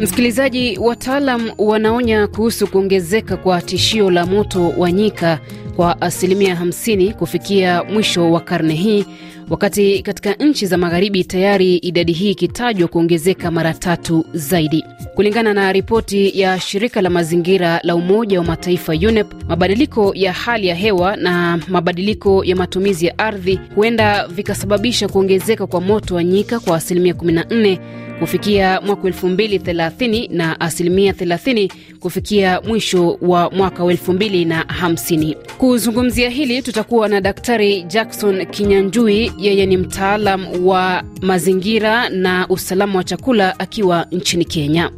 Msikilizaji, wataalam wanaonya kuhusu kuongezeka kwa tishio la moto wa nyika kwa asilimia 50 kufikia mwisho wa karne hii, wakati katika nchi za magharibi tayari idadi hii ikitajwa kuongezeka mara tatu zaidi. Kulingana na ripoti ya shirika la mazingira la Umoja wa Mataifa UNEP, mabadiliko ya hali ya hewa na mabadiliko ya matumizi ya ardhi huenda vikasababisha kuongezeka kwa moto wa nyika kwa asilimia 14 kufikia mwaka 2030 na asilimia 30 kufikia mwisho wa mwaka 2050. Kuzungumzia hili tutakuwa na Daktari Jackson Kinyanjui, yeye ni mtaalam wa mazingira na usalama wa chakula akiwa nchini Kenya.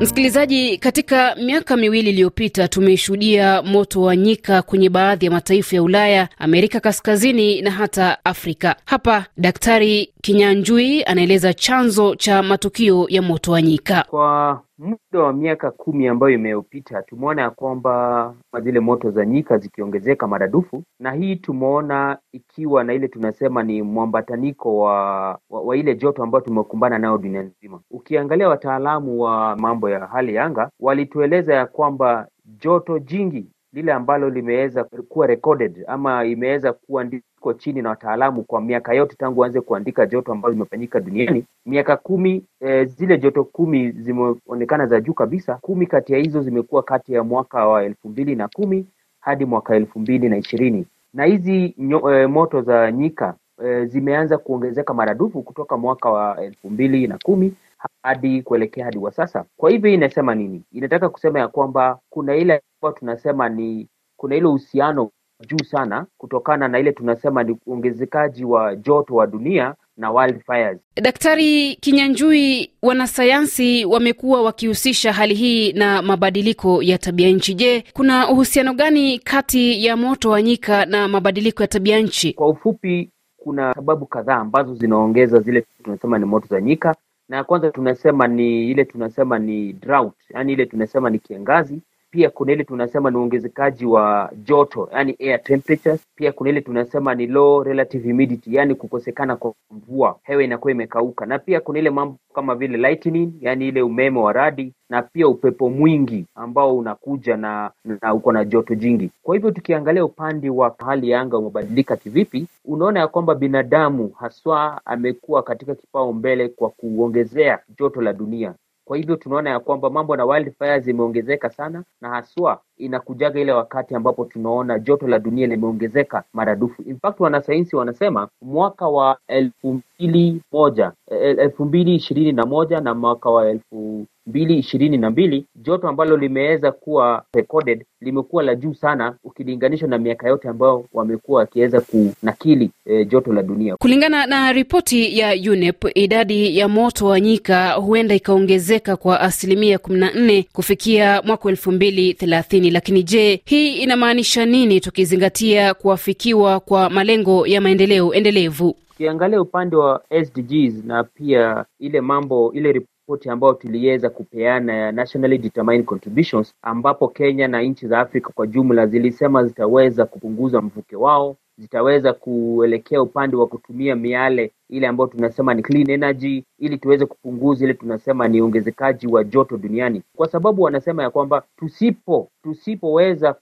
Msikilizaji, katika miaka miwili iliyopita tumeshuhudia moto wa nyika kwenye baadhi ya mataifa ya Ulaya, Amerika Kaskazini na hata Afrika. Hapa Daktari Kinyanjui anaeleza chanzo cha matukio ya moto wa nyika. Kwa muda wa miaka kumi ambayo imeyopita, tumeona ya kwamba zile moto za nyika zikiongezeka maradufu, na hii tumeona ikiwa na ile tunasema ni mwambataniko wa, wa, wa ile joto ambayo tumekumbana nayo dunia nzima. Ukiangalia wataalamu wa mambo ya hali ya anga walitueleza ya kwamba joto jingi lile ambalo limeweza kuwa recorded ama imeweza ndiko chini na wataalamu kwa miaka yote tangu anze kuandika joto ambazo limefanyika duniani. Miaka kumi e, zile joto kumi zimeonekana za juu kabisa. Kumi kati ya hizo zimekuwa kati ya mwaka wa elfu mbili na kumi hadi mwaka elfu mbili na ishirini na hizi e, moto za nyika e, zimeanza kuongezeka maradufu kutoka mwaka wa elfu mbili na kumi hadi kuelekea hadi wa sasa. Kwa hivyo inasema nini? Inataka kusema ya kwamba kuna ile ambayo tunasema ni kuna ile uhusiano juu sana kutokana na ile tunasema ni uongezekaji wa joto wa dunia na wildfires. Daktari Kinyanjui, wanasayansi wamekuwa wakihusisha hali hii na mabadiliko ya tabia nchi. Je, kuna uhusiano gani kati ya moto wa nyika na mabadiliko ya tabia nchi? Kwa ufupi, kuna sababu kadhaa ambazo zinaongeza zile tunasema ni moto za nyika na ya kwanza tunasema ni ile tunasema ni drought, yani ile tunasema ni kiangazi pia kuna ile tunasema ni uongezekaji wa joto, yani air temperatures. Pia kuna ile tunasema ni low relative humidity, yani kukosekana kwa mvua, hewa inakuwa imekauka, na pia kuna ile mambo kama vile lightning, yani ile umeme wa radi, na pia upepo mwingi ambao unakuja na, na uko na joto jingi. Kwa hivyo tukiangalia upande wa hali ya anga umebadilika kivipi, unaona ya kwamba binadamu haswa amekuwa katika kipao mbele kwa kuongezea joto la dunia. Kwa hivyo tunaona ya kwamba mambo na wildfires zimeongezeka sana na haswa inakujaga ile wakati ambapo tunaona joto la dunia limeongezeka maradufu. In fact, wanasayansi wanasema mwaka wa elfu mbili moja e, e, elfu mbili ishirini na moja na mwaka wa elfu mbili ishirini na mbili joto ambalo limeweza kuwa recorded limekuwa la juu sana ukilinganishwa na miaka yote ambayo wamekuwa wakiweza kunakili e, joto la dunia. Kulingana na ripoti ya UNEP, idadi ya moto wa nyika huenda ikaongezeka kwa asilimia kumi na nne kufikia mwaka elfu mbili thelathini lakini je, hii inamaanisha nini tukizingatia kuafikiwa kwa malengo ya maendeleo endelevu? Ukiangalia upande wa SDGs na pia ile mambo ile ripoti ambayo tuliweza kupeana ya Nationally Determined Contributions, ambapo Kenya na nchi za Afrika kwa jumla zilisema zitaweza kupunguza mvuke wao zitaweza kuelekea upande wa kutumia miale ile ambayo tunasema ni clean energy, ili tuweze kupunguza ile tunasema ni ongezekaji wa joto duniani, kwa sababu wanasema ya kwamba tusipo tusipoweza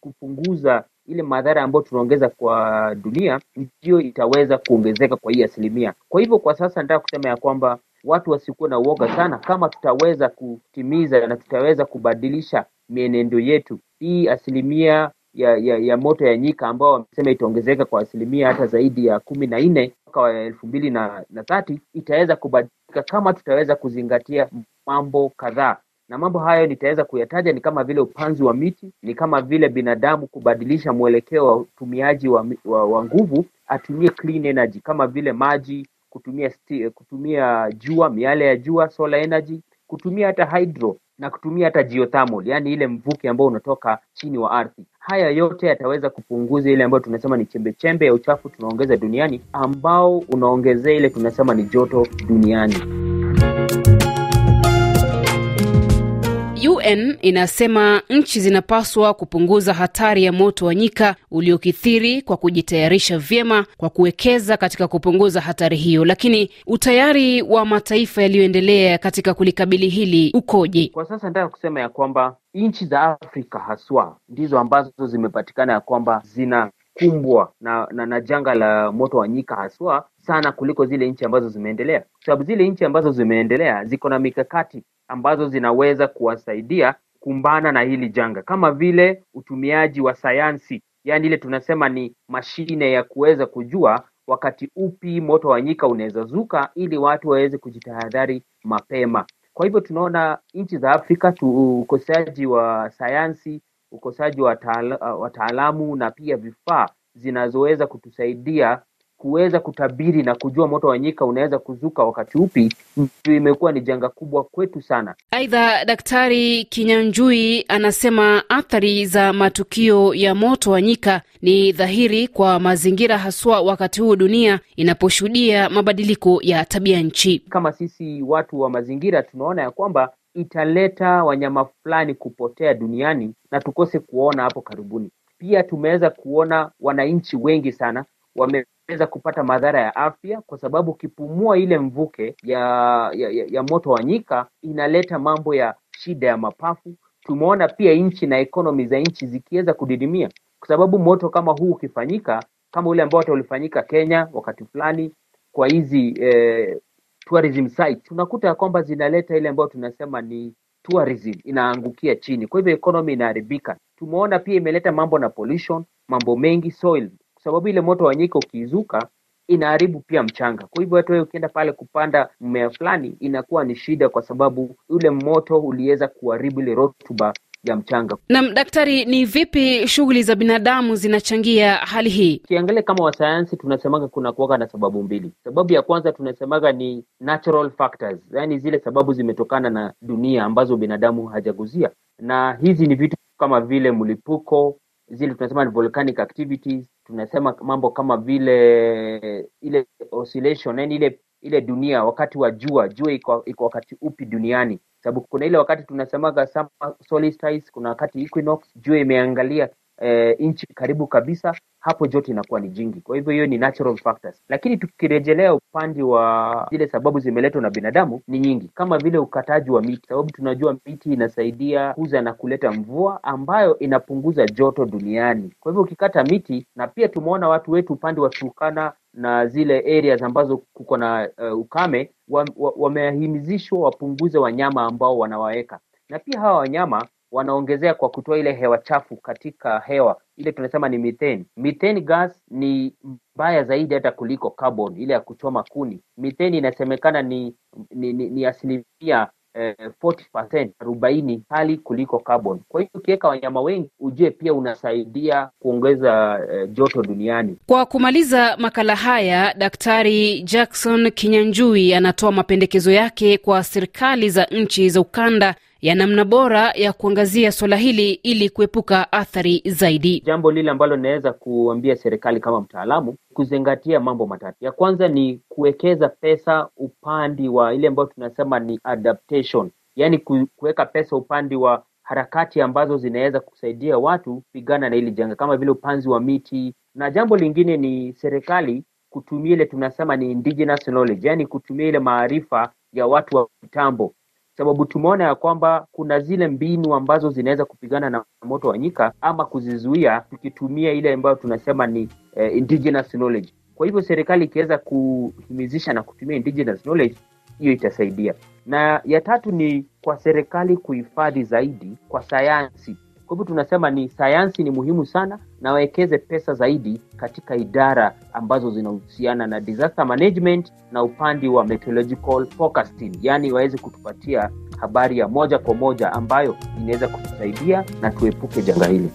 kupunguza ile madhara ambayo tunaongeza kwa dunia ndio itaweza kuongezeka kwa hii asilimia. Kwa hivyo kwa sasa nataka kusema ya kwamba watu wasikuwe na uoga sana, kama tutaweza kutimiza na tutaweza kubadilisha mienendo yetu, hii asilimia ya, ya, ya moto ya nyika ambao wamesema itaongezeka kwa asilimia hata zaidi ya kumi na nne mwaka wa elfu mbili na thati itaweza kubadilika kama tutaweza kuzingatia mambo kadhaa na mambo hayo nitaweza kuyataja ni kama vile upanzi wa miti, ni kama vile binadamu kubadilisha mwelekeo wa utumiaji wa, wa, wa nguvu, atumie clean energy kama vile maji, kutumia sti, kutumia jua, miale ya jua, solar energy, kutumia hata hydro na kutumia hata geothermal, yaani ile mvuke ambao unatoka chini wa ardhi. Haya yote yataweza kupunguza ile ambayo tunasema ni chembe chembe ya uchafu tunaongeza duniani, ambao unaongezea ile tunasema ni joto duniani. UN inasema nchi zinapaswa kupunguza hatari ya moto wa nyika uliokithiri kwa kujitayarisha vyema kwa kuwekeza katika kupunguza hatari hiyo. Lakini utayari wa mataifa yaliyoendelea katika kulikabili hili ukoje? Kwa sasa nataka kusema ya kwamba nchi za Afrika haswa ndizo ambazo zimepatikana ya kwamba zina kumbwa na, na, na janga la moto wa nyika haswa sana kuliko zile nchi ambazo zimeendelea, kwa sababu zile nchi ambazo zimeendelea ziko na mikakati ambazo zinaweza kuwasaidia kumbana na hili janga, kama vile utumiaji wa sayansi, yaani ile tunasema ni mashine ya kuweza kujua wakati upi moto wa nyika unaweza zuka, ili watu waweze kujitahadhari mapema. Kwa hivyo tunaona nchi za Afrika tu ukosaji wa sayansi, ukosaji wa wataalamu na pia vifaa zinazoweza kutusaidia kuweza kutabiri na kujua moto wa nyika unaweza kuzuka wakati upi ndio imekuwa ni janga kubwa kwetu sana. Aidha, Daktari Kinyanjui anasema athari za matukio ya moto wa nyika ni dhahiri kwa mazingira, haswa wakati huu dunia inaposhuhudia mabadiliko ya tabia nchi. Kama sisi watu wa mazingira tunaona ya kwamba italeta wanyama fulani kupotea duniani na tukose kuona hapo karibuni. Pia tumeweza kuona wananchi wengi sana wame weza kupata madhara ya afya, kwa sababu ukipumua ile mvuke ya, ya, ya, ya moto wa nyika inaleta mambo ya shida ya mapafu. Tumeona pia nchi na ekonomi za nchi zikiweza kudidimia, kwa sababu moto kama huu ukifanyika kama ule ambao hata ulifanyika Kenya wakati fulani kwa hizi eh, tourism site, tunakuta kwamba zinaleta ile ambayo tunasema ni tourism inaangukia chini, kwa hivyo economy inaharibika. Tumeona pia imeleta mambo na pollution, mambo mengi soil kwa sababu ile moto wa nyika ukiizuka inaharibu pia mchanga. Kwa hivyo hata wewe ukienda pale kupanda mmea fulani inakuwa ni shida, kwa sababu ule moto uliweza kuharibu ile rotuba ya mchanga. Naam, daktari, ni vipi shughuli za binadamu zinachangia hali hii? Ukiangalia kama wasayansi tunasemaga kuna kuwaga na sababu mbili. Sababu ya kwanza tunasemaga ni natural factors, yani zile sababu zimetokana na dunia ambazo binadamu hajaguzia, na hizi ni vitu kama vile mlipuko, zile tunasema ni volcanic activities tunasema mambo kama vile ile oscillation, yani ile ile dunia wakati wa jua, jua iko iko wakati upi duniani? Sababu kuna ile wakati tunasemaga summer solstice, kuna wakati equinox, jua imeangalia e, nchi karibu kabisa, hapo joto inakuwa ni jingi. Kwa hivyo hiyo ni natural factors, lakini tukirejelea upande wa zile sababu zimeletwa na binadamu ni nyingi, kama vile ukataji wa miti, sababu tunajua miti inasaidia kuza na kuleta mvua ambayo inapunguza joto duniani. Kwa hivyo ukikata miti, na pia tumeona watu wetu upande wa Turkana na zile areas ambazo kuko na uh, ukame wamehimizishwa wa wapunguze wanyama ambao wanawaweka na pia hawa wanyama wanaongezea kwa kutoa ile hewa chafu katika hewa ile tunasema ni methane. Methane gas ni mbaya zaidi hata kuliko carbon ile ya kuchoma kuni. Methane inasemekana ni, ni, ni, ni asilimia eh, 40% arobaini hali kuliko carbon. Kwa hiyo ukiweka wanyama wengi ujue pia unasaidia kuongeza eh, joto duniani. Kwa kumaliza makala haya, Daktari Jackson Kinyanjui anatoa mapendekezo yake kwa serikali za nchi za ukanda ya namna bora ya kuangazia swala hili ili kuepuka athari zaidi. Jambo lile ambalo linaweza kuambia serikali kama mtaalamu kuzingatia mambo matatu. Ya kwanza ni kuwekeza pesa upande wa ile ambayo tunasema ni adaptation, yaani kuweka pesa upande wa harakati ambazo zinaweza kusaidia watu kupigana na hili janga kama vile upanzi wa miti, na jambo lingine ni serikali kutumia ile tunasema ni indigenous knowledge, yaani kutumia ile maarifa ya watu wa kitambo sababu tumeona ya kwamba kuna zile mbinu ambazo zinaweza kupigana na moto wa nyika ama kuzizuia tukitumia ile ambayo tunasema ni eh, indigenous knowledge. Kwa hivyo serikali ikiweza kuhimizisha na kutumia indigenous knowledge hiyo itasaidia. Na ya tatu ni kwa serikali kuhifadhi zaidi kwa sayansi. Kwa hivyo tunasema ni sayansi ni muhimu sana, na wawekeze pesa zaidi katika idara ambazo zinahusiana na disaster management na upande wa meteorological forecasting, yaani waweze kutupatia habari ya moja kwa moja ambayo inaweza kutusaidia na tuepuke janga hili.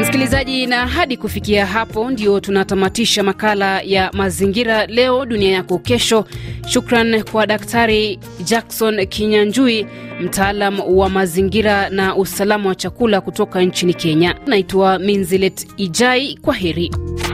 Msikilizaji, na hadi kufikia hapo ndio tunatamatisha makala ya mazingira leo dunia yako kesho. Shukran kwa Daktari Jackson Kinyanjui, mtaalam wa mazingira na usalama wa chakula kutoka nchini Kenya. Naitwa Minzilet Ijai, kwa heri.